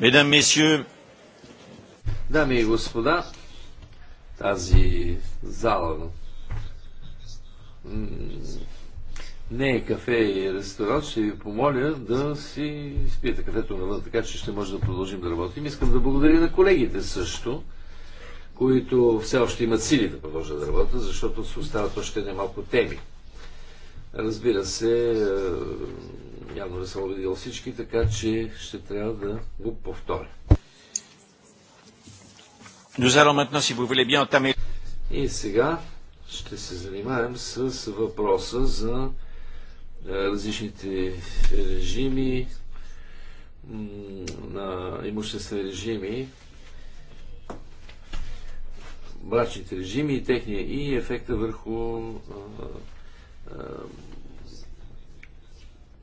Mesdames, Messieurs, Дами и господа, тази зала не е кафе и ресторант, ще ви помоля да си спиете кафето навън, така че ще може да продължим да работим. Искам да благодаря на колегите също, които все още имат сили да продължат да работят, защото се остават още немалко теми. Разбира се, явно не съм убедил всички, така че ще трябва да го повторя. И сега ще се занимаем с въпроса за е, различните режими, на имуществени режими, брачните режими и техния и ефекта върху а, е, а, е,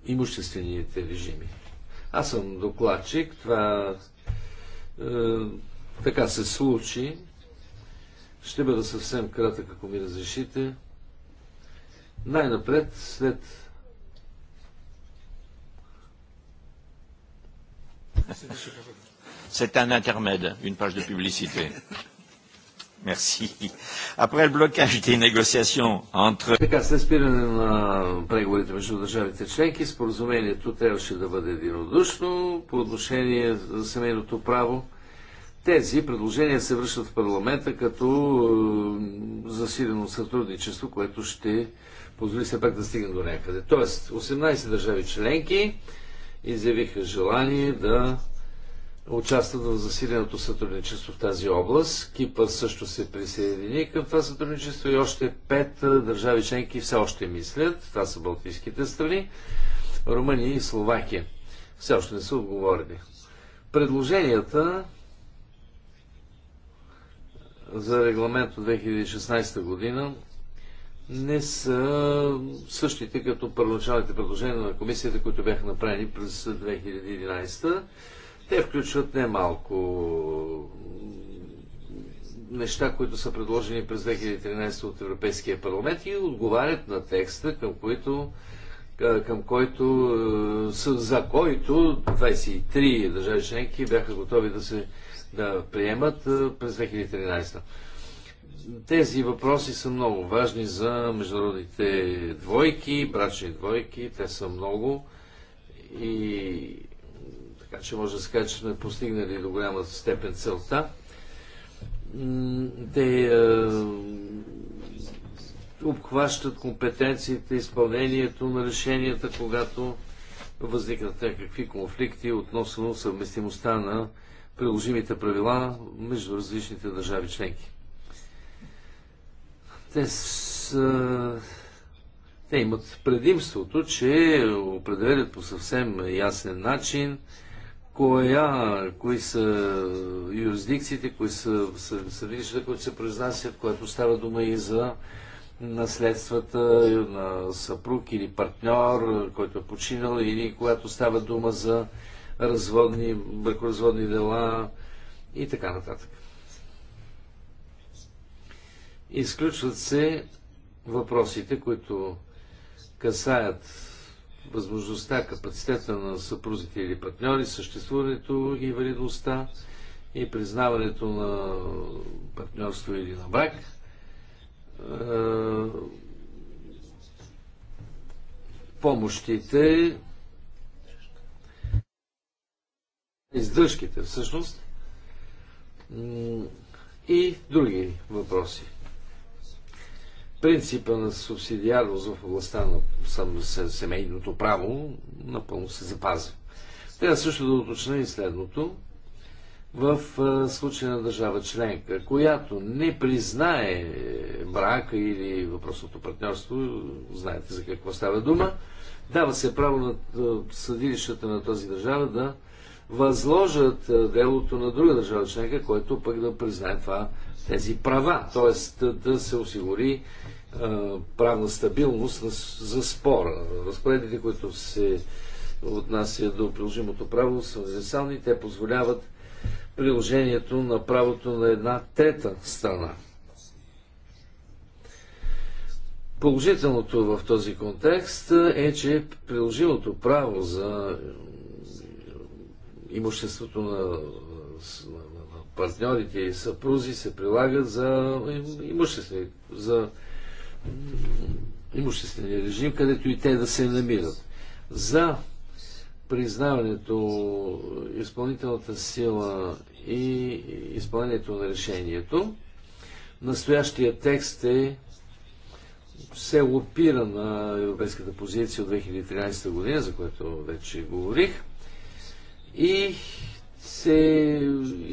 имуществените режими. Аз съм докладчик, това е, така се случи. Ще бъда съвсем кратък, ако ми разрешите. Най-напред, след C'est un intermède, une page de publicité. Merci. Après le blocage des négociations entre... Така, след спиране на преговорите между държавите членки, споразумението трябваше да бъде единодушно по отношение за семейното право. Тези предложения се връщат в парламента като е, засилено сътрудничество, което ще позволи все пак да стигне до някъде. Тоест, 18 държави членки изявиха желание да участват в засиленото сътрудничество в тази област. Кипър също се присъедини към това сътрудничество и още пет държави членки все още мислят. Това са Балтийските страни, Румъния и Словакия. Все още не са отговорени. Предложенията за регламент от 2016 година не са същите като първоначалните предложения на комисията, които бяха направени през 2011. Те включват немалко неща, които са предложени през 2013 от Европейския парламент и отговарят на текста, към който към който, за който 23 държави членки бяха готови да се да приемат през 2013. Тези въпроси са много важни за международните двойки, брачни двойки. Те са много и така че може да се каже, че сме постигнали до голяма степен целта. Те е, обхващат компетенциите, изпълнението на решенията, когато възникнат някакви конфликти относно съвместимостта на приложимите правила между различните държави членки. Те, са, е, те имат предимството, че определят по съвсем ясен начин коя, кои са юрисдикциите, кои са съдилищата, които се произнасят, което става дума и за наследствата на съпруг или партньор, който е починал, или когато става дума за разводни, бракоразводни дела и така нататък. Изключват се въпросите, които касаят възможността, капацитета на съпрузите или партньори, съществуването и валидността и признаването на партньорство или на брак. Е, помощите, издръжките всъщност и други въпроси принципа на субсидиарност в областта на семейното право напълно се запазва. Трябва също да уточня и следното. В случая на държава членка, която не признае брака или въпросното партньорство, знаете за какво става дума, дава се право на съдилищата на тази държава да възложат делото на друга държава членка, който пък да признае това тези права, т.е. да се осигури правна стабилност за спора. Разпоредите, които се отнасят до приложимото право, са универсални. Те позволяват приложението на правото на една трета страна. Положителното в този контекст е, че приложимото право за имуществото на, партньорите и съпрузи се прилагат за имуществени, за имуществения режим, където и те да се намират. За признаването, изпълнителната сила и изпълнението на решението, настоящия текст е се опира на европейската позиция от 2013 година, за което вече говорих, и се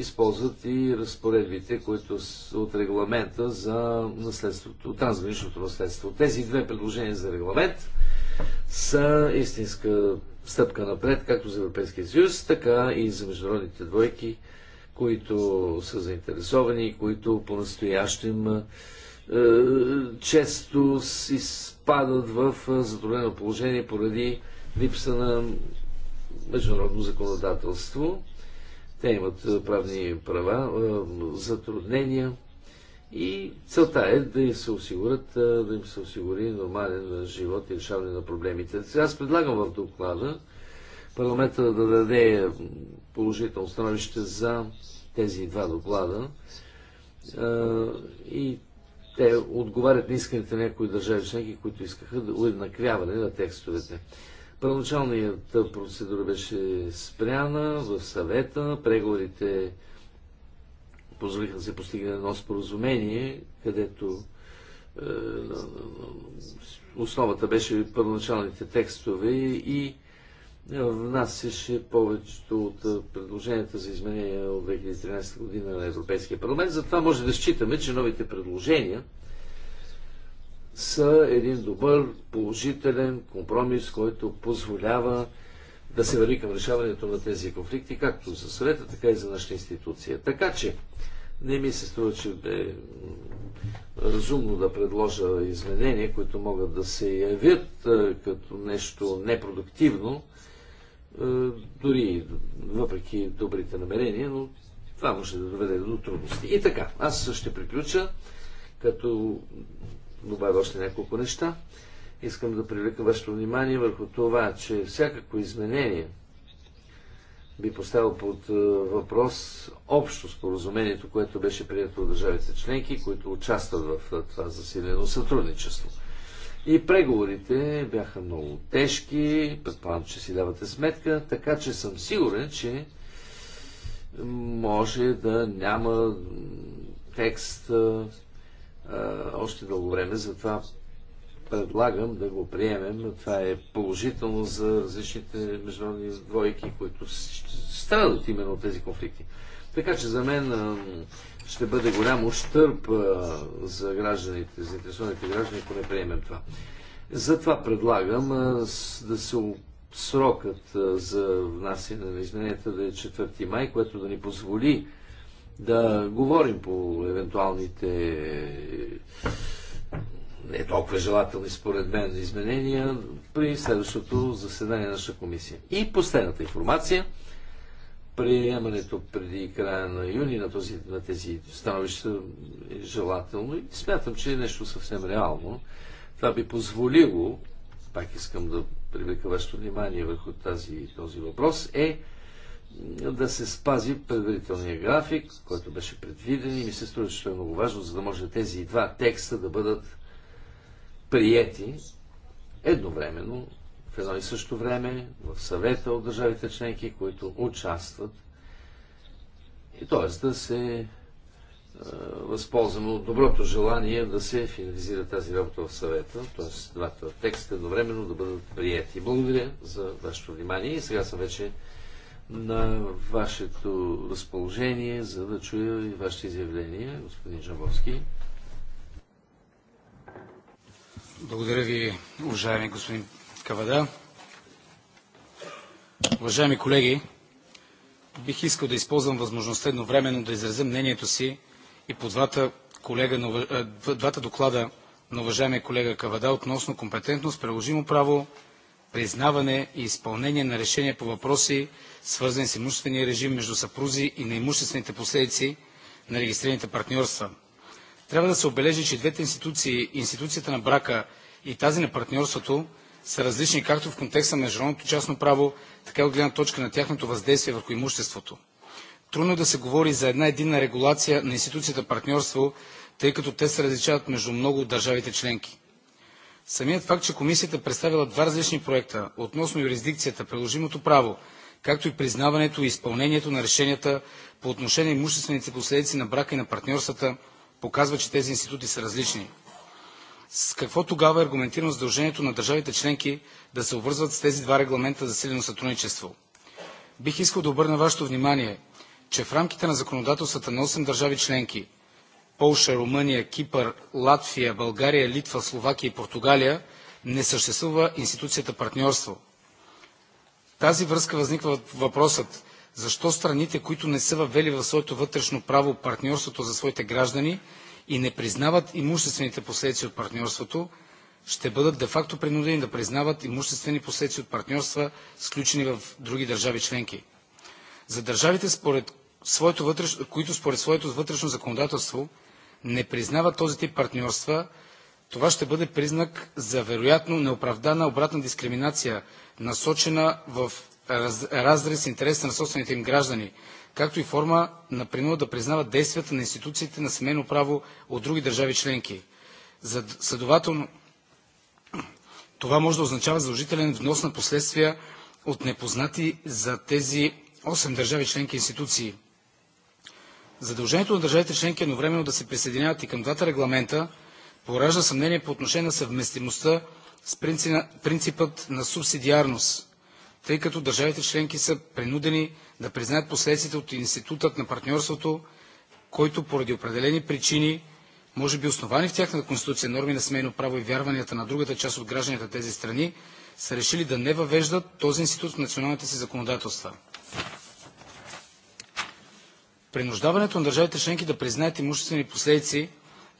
използват и разпоредбите, които са от регламента за наследството, трансграничното наследство. Тези две предложения за регламент са истинска стъпка напред, както за Европейския съюз, така и за международните двойки, които са заинтересовани и които по-настоящем е, често изпадат в е, затруднено положение поради липса на международно законодателство. Те имат правни права, затруднения и целта е да им се осигурят, да им се осигури нормален живот и решаване на проблемите. Сега аз предлагам в доклада парламента да даде положително становище за тези два доклада и те отговарят на исканите някои държави членки, които искаха да уеднаквяване на текстовете. Първоначалната процедура беше спряна в съвета, преговорите позволиха да се постигне едно споразумение, където е, основата беше първоначалните текстове и е, внасяше повечето от е, предложенията за изменения от 2013 година на Европейския парламент. Затова може да считаме, че новите предложения – са един добър, положителен компромис, който позволява да се върви към решаването на тези конфликти, както за съвета, така и за нашата институция. Така че, не ми се струва, че бе разумно да предложа изменения, които могат да се явят е, като нещо непродуктивно, е, дори въпреки добрите намерения, но това може да доведе до трудности. И така, аз ще приключа, като добавя още няколко неща. Искам да привлека вашето внимание върху това, че всякакво изменение би поставил под е, въпрос общо споразумението, което беше прието от държавите членки, които участват в е, това засилено сътрудничество. И преговорите бяха много тежки, предполагам, че си давате сметка, така че съм сигурен, че може да няма текст е, още дълго време, затова предлагам да го приемем. Това е положително за различните международни двойки, които страдат именно от тези конфликти. Така че за мен ще бъде голям ущърп за гражданите, за интересуваните граждани, ако не приемем това. Затова предлагам да се срокът за внасяне на измененията да е 4 май, което да ни позволи да говорим по евентуалните не толкова желателни според мен изменения при следващото заседание на наша комисия. И последната информация. Приемането преди края на юни на, този, на тези становища е желателно и смятам, че е нещо съвсем реално. Това би позволило, пак искам да привлека вашето внимание върху тази, този въпрос, е да се спази предварителния график, който беше предвиден и ми се струва, че е много важно, за да може тези два текста да бъдат приети едновременно, в едно и също време, в съвета от държавите членки, които участват. И т.е. да се е, възползваме от доброто желание да се финализира тази работа в съвета, т.е. двата текста едновременно да бъдат приети. Благодаря за вашето внимание и сега съм вече на вашето разположение, за да чуя и вашите изявления, господин Жабовски. Благодаря ви, уважаеми господин Кавада. Уважаеми колеги, бих искал да използвам възможността едновременно да изразя мнението си и по двата, колега, двата доклада на уважаемия колега Кавада относно компетентност, приложимо право, признаване и изпълнение на решения по въпроси, свързани с имуществения режим между съпрузи и на имуществените последици на регистрираните партньорства. Трябва да се отбележи, че двете институции, институцията на брака и тази на партньорството, са различни както в контекста на международното частно право, така и от гледна точка на тяхното въздействие върху имуществото. Трудно е да се говори за една единна регулация на институцията партньорство, тъй като те се различават между много от държавите членки. Самият факт, че комисията представила два различни проекта относно юрисдикцията, приложимото право, както и признаването и изпълнението на решенията по отношение на имуществените последици на брака и на партньорствата, показва, че тези институти са различни. С какво тогава е аргументирано задължението на държавите членки да се обвързват с тези два регламента за силено сътрудничество? Бих искал да обърна вашето внимание, че в рамките на законодателствата на 8 държави членки Полша, Румъния, Кипър, Латвия, България, Литва, Словакия и Португалия не съществува институцията партньорство. В тази връзка възниква въпросът защо страните, които не са въвели в своето вътрешно право партньорството за своите граждани и не признават имуществените последици от партньорството, ще бъдат де-факто принудени да признават имуществени последици от партньорства, сключени в други държави членки. За държавите, според своето вътреш... които според своето вътрешно законодателство не признава този тип партньорства, това ще бъде признак за вероятно неоправдана обратна дискриминация, насочена в разрез с интересите на собствените им граждани, както и форма на принуда да признават действията на институциите на семейно право от други държави членки. Следователно, това може да означава задължителен внос на последствия от непознати за тези 8 държави членки институции. Задължението на държавите членки е едновременно да се присъединяват и към двата регламента поражда съмнение по отношение на съвместимостта с принципът на субсидиарност, тъй като държавите членки са принудени да признаят последствията от института на партньорството, който поради определени причини, може би основани в тяхната конституция, норми на смейно право и вярванията на другата част от гражданите на тези страни, са решили да не въвеждат този институт в националните си законодателства. Принуждаването на държавите членки да признаят имуществени последици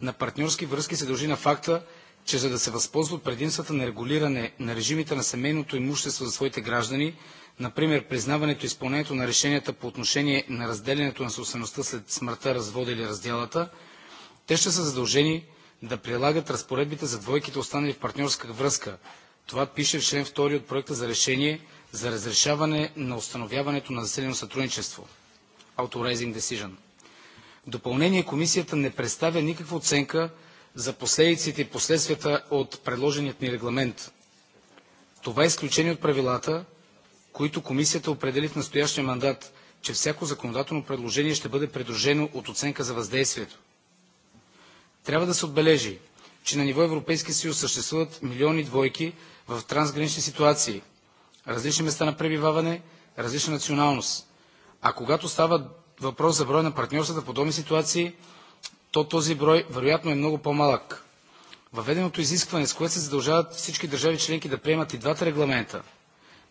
на партньорски връзки се дължи на факта, че за да се възползват предимствата на регулиране на режимите на семейното имущество за своите граждани, например признаването и изпълнението на решенията по отношение на разделянето на собствеността след смъртта, развода или разделата, те ще са задължени да прилагат разпоредбите за двойките останали в партньорска връзка. Това пише в член 2 от проекта за решение за разрешаване на установяването на заселено сътрудничество authorizing decision. В допълнение комисията не представя никаква оценка за последиците и последствията от предложеният ни регламент. Това е изключение от правилата, които комисията определи в настоящия мандат, че всяко законодателно предложение ще бъде придружено от оценка за въздействието. Трябва да се отбележи, че на ниво Европейски съюз съществуват милиони двойки в трансгранични ситуации, различни места на пребиваване, различна националност. А когато става въпрос за брой на партньорствата в подобни ситуации, то този брой вероятно е много по-малък. Въведеното изискване, с което се задължават всички държави членки да приемат и двата регламента,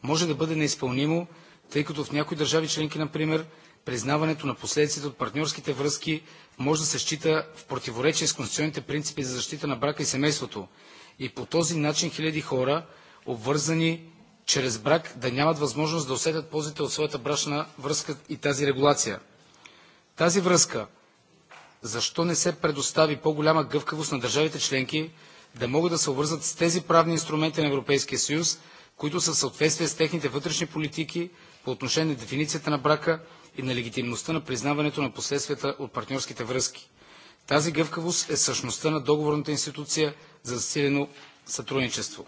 може да бъде неизпълнимо, тъй като в някои държави членки, например, признаването на последиците от партньорските връзки може да се счита в противоречие с конституционните принципи за защита на брака и семейството и по този начин хиляди хора, обвързани чрез брак да нямат възможност да усетят ползите от своята брачна връзка и тази регулация. В тази връзка защо не се предостави по-голяма гъвкавост на държавите членки да могат да се обвързват с тези правни инструменти на Европейския съюз, които са в съответствие с техните вътрешни политики по отношение на дефиницията на брака и на легитимността на признаването на последствията от партньорските връзки. Тази гъвкавост е същността на договорната институция за засилено сътрудничество.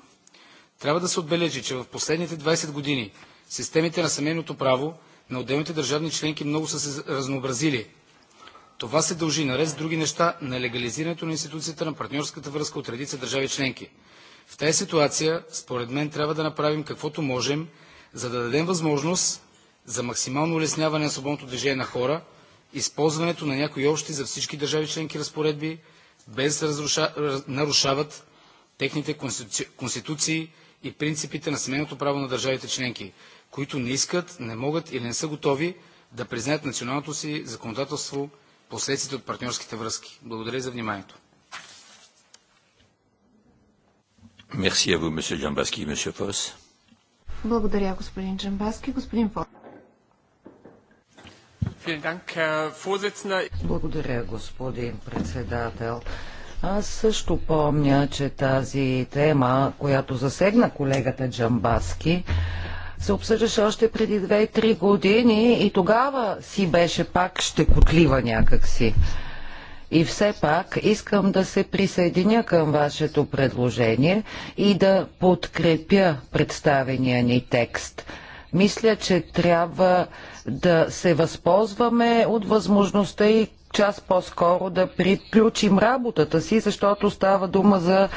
Трябва да се отбележи, че в последните 20 години системите на семейното право на отделните държавни членки много са се разнообразили. Това се дължи, наред с други неща, на легализирането на институцията на партньорската връзка от редица държави членки. В тази ситуация, според мен, трябва да направим каквото можем, за да дадем възможност за максимално улесняване на свободното движение на хора, използването на някои общи за всички държави членки разпоредби, без да нарушават техните конституции и принципите на семейното право на държавите членки, които не искат, не могат или не са готови да признаят националното си законодателство последствията от партньорските връзки. Благодаря за вниманието. Merci à vous, Джамбаски и monsieur Фос. Благодаря, господин Джамбаски. Господин Фос. Благодаря, господин председател. Аз също помня, че тази тема, която засегна колегата Джамбаски, се обсъждаше още преди 2-3 години и тогава си беше пак щекотлива някакси. И все пак искам да се присъединя към вашето предложение и да подкрепя представения ни текст. Мисля, че трябва да се възползваме от възможността и час по-скоро да приключим работата си, защото става дума за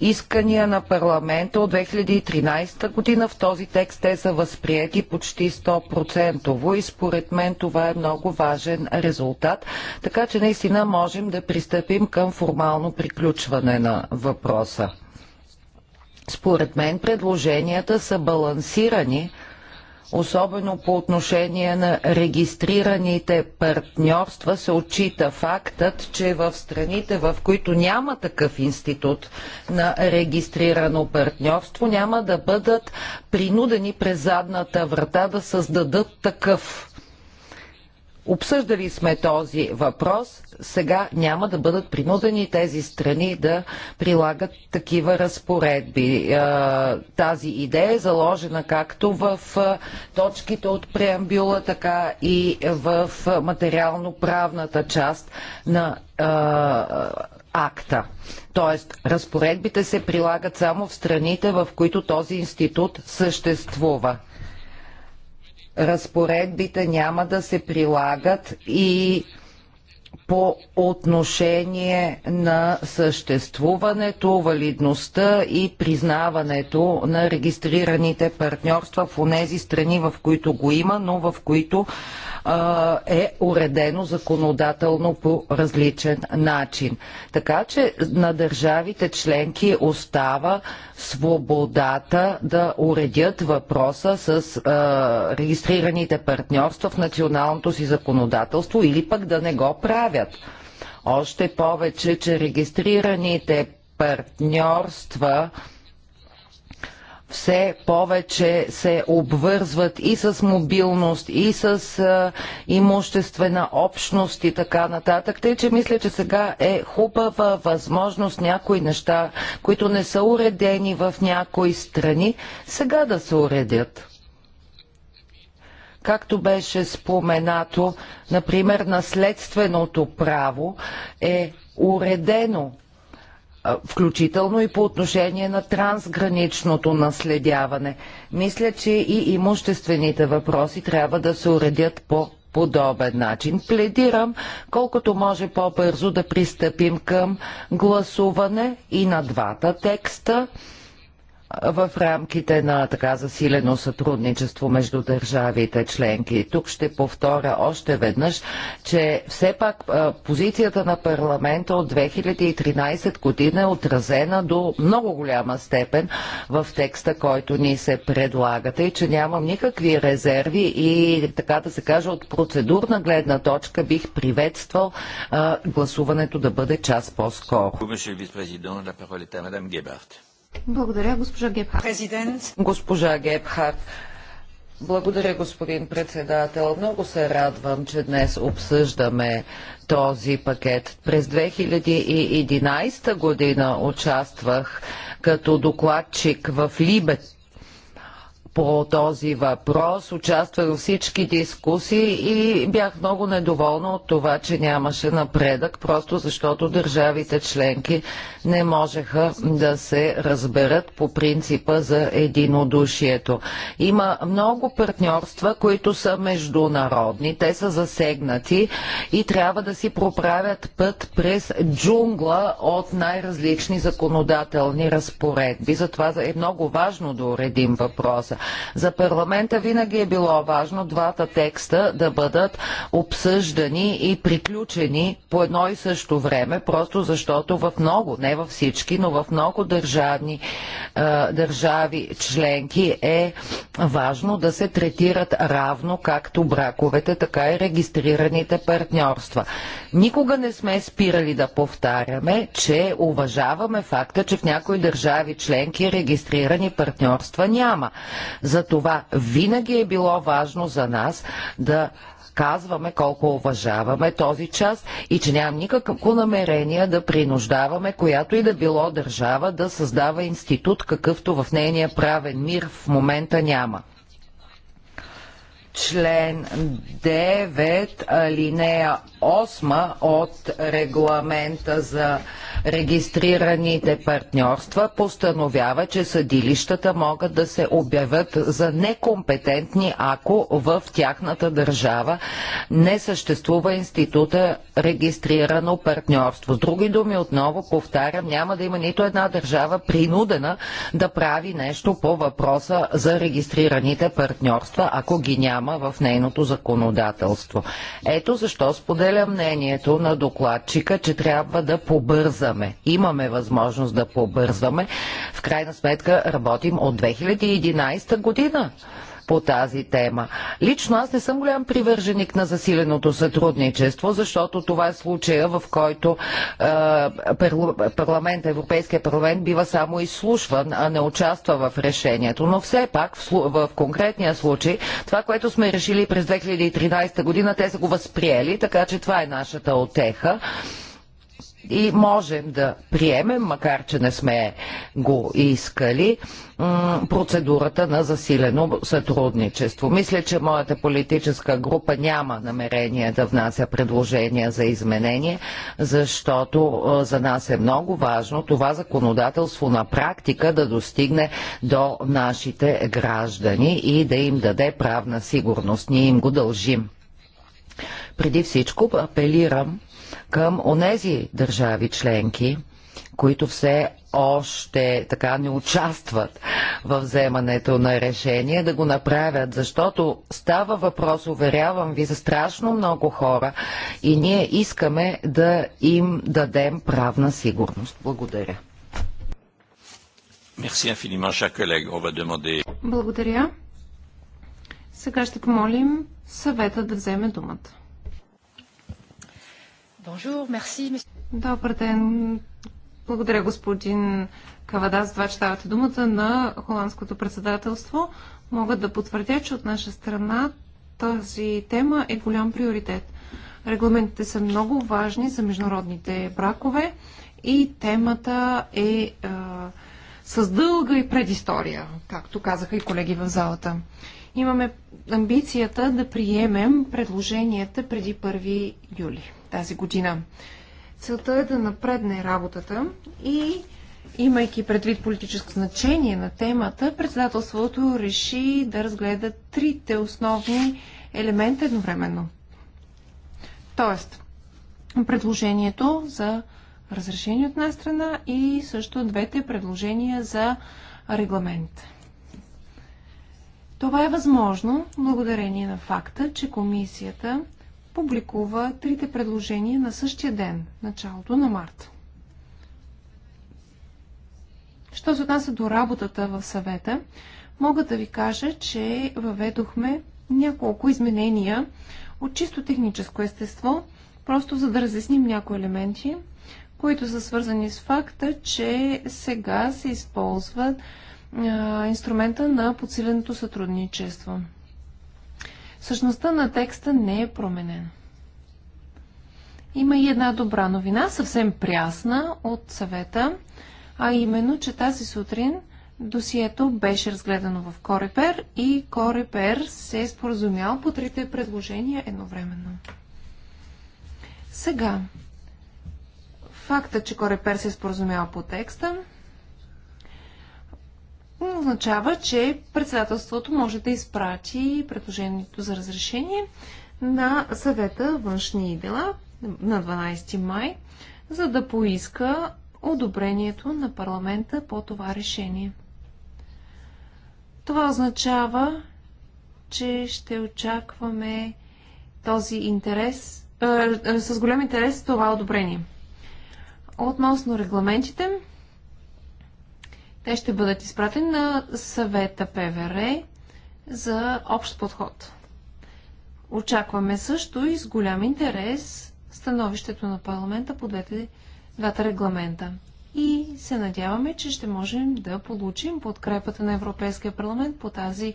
искания на парламента от 2013 година. В този текст те са възприяти почти 100% и според мен това е много важен резултат. Така че наистина можем да пристъпим към формално приключване на въпроса. Според мен предложенията са балансирани особено по отношение на регистрираните партньорства, се отчита фактът, че в страните, в които няма такъв институт на регистрирано партньорство, няма да бъдат принудени през задната врата да създадат такъв. Обсъждали сме този въпрос. Сега няма да бъдат принудени тези страни да прилагат такива разпоредби. Е, тази идея е заложена както в е, точките от преамбюла, така и в материално-правната част на е, акта. Тоест, разпоредбите се прилагат само в страните, в които този институт съществува разпоредбите няма да се прилагат и по отношение на съществуването, валидността и признаването на регистрираните партньорства в онези страни, в които го има, но в които е уредено законодателно по различен начин. Така че на държавите членки остава свободата да уредят въпроса с регистрираните партньорства в националното си законодателство или пък да не го правят. Още повече, че регистрираните партньорства все повече се обвързват и с мобилност, и с имуществена общност и така нататък. Тъй, че мисля, че сега е хубава възможност някои неща, които не са уредени в някои страни, сега да се уредят както беше споменато, например, наследственото право е уредено включително и по отношение на трансграничното наследяване. Мисля, че и имуществените въпроси трябва да се уредят по подобен начин. Пледирам колкото може по-бързо да пристъпим към гласуване и на двата текста в рамките на така засилено сътрудничество между държавите членки. Тук ще повторя още веднъж, че все пак позицията на парламента от 2013 година е отразена до много голяма степен в текста, който ни се предлагате и че нямам никакви резерви и така да се каже от процедурна гледна точка бих приветствал гласуването да бъде час по-скоро. Благодаря, госпожа Президент. Госпожа Благодаря, господин председател. Много се радвам, че днес обсъждаме този пакет. През 2011 година участвах като докладчик в Либет по този въпрос, участвах във всички дискусии и бях много недоволна от това, че нямаше напредък, просто защото държавите членки не можеха да се разберат по принципа за единодушието. Има много партньорства, които са международни, те са засегнати и трябва да си проправят път през джунгла от най-различни законодателни разпоредби. Затова е много важно да уредим въпроса. За парламента винаги е било важно двата текста да бъдат обсъждани и приключени по едно и също време, просто защото в много, не във всички, но в много държавни, държави членки е важно да се третират равно както браковете, така и регистрираните партньорства. Никога не сме спирали да повтаряме, че уважаваме факта, че в някои държави членки регистрирани партньорства няма. Затова винаги е било важно за нас да казваме колко уважаваме този час и че нямам никакво намерение да принуждаваме която и да било държава да създава институт, какъвто в нейния правен мир в момента няма член 9, алинея 8 от регламента за регистрираните партньорства постановява, че съдилищата могат да се обявят за некомпетентни, ако в тяхната държава не съществува института регистрирано партньорство. С други думи, отново повтарям, няма да има нито една държава принудена да прави нещо по въпроса за регистрираните партньорства, ако ги няма няма в нейното законодателство. Ето защо споделя мнението на докладчика, че трябва да побързаме. Имаме възможност да побързаме. В крайна сметка работим от 2011 година по тази тема. Лично аз не съм голям привърженик на засиленото сътрудничество, защото това е случая, в който е, парламент, Европейския парламент бива само изслушван, а не участва в решението. Но все пак в, в конкретния случай това, което сме решили през 2013 година, те са го възприели, така че това е нашата отеха и можем да приемем, макар че не сме го искали, процедурата на засилено сътрудничество. Мисля, че моята политическа група няма намерение да внася предложения за изменение, защото за нас е много важно това законодателство на практика да достигне до нашите граждани и да им даде правна сигурност. Ние им го дължим. Преди всичко апелирам към онези държави членки, които все още така не участват в вземането на решение да го направят, защото става въпрос, уверявам ви, за страшно много хора и ние искаме да им дадем правна сигурност. Благодаря. Благодаря. Сега ще помолим съвета да вземе думата. Bonjour, merci. Добър ден. Благодаря, господин Кавада, за това, че давате думата на холандското председателство. Мога да потвърдя, че от наша страна тази тема е голям приоритет. Регламентите са много важни за международните бракове и темата е с дълга и предистория, както казаха и колеги в залата имаме амбицията да приемем предложенията преди 1 юли тази година. Целта е да напредне работата и имайки предвид политическо значение на темата, председателството реши да разгледа трите основни елемента едновременно. Тоест, предложението за разрешение от една страна и също двете предложения за регламент. Това е възможно благодарение на факта, че комисията публикува трите предложения на същия ден, началото на март. Що се отнася до работата в съвета, мога да ви кажа, че въведохме няколко изменения от чисто техническо естество, просто за да разясним някои елементи, които са свързани с факта, че сега се използват е, инструмента на подсиленото сътрудничество. Същността на текста не е променена. Има и една добра новина, съвсем прясна от съвета, а именно, че тази сутрин досието беше разгледано в Корепер и Корепер се е споразумял по трите предложения едновременно. Сега, факта, че Корепер се е споразумял по текста, означава, че председателството може да изпрати предложението за разрешение на съвета външни дела на 12 май, за да поиска одобрението на парламента по това решение. Това означава, че ще очакваме този интерес, е, е с голям интерес това одобрение. Относно регламентите, те ще бъдат изпратени на съвета ПВР за общ подход. Очакваме също и с голям интерес становището на парламента по двете, двата регламента. И се надяваме, че ще можем да получим подкрепата на Европейския парламент по тази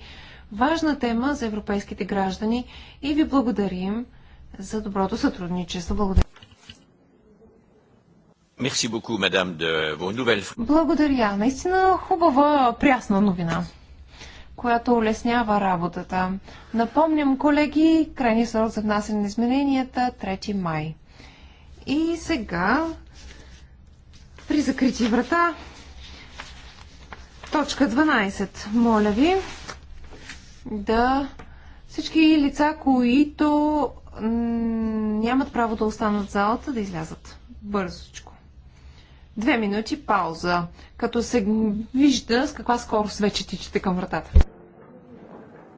важна тема за европейските граждани и ви благодарим за доброто сътрудничество. Благодаря. Благодаря. Наистина хубава, прясна новина, която улеснява работата. Напомням, колеги, крайни срок за внасяне на измененията 3 май. И сега, при закрити врата, точка 12. Моля ви да всички лица, които нямат право да останат в залата, да излязат бързочко две минути пауза, като се вижда с каква скорост вече тичате към вратата.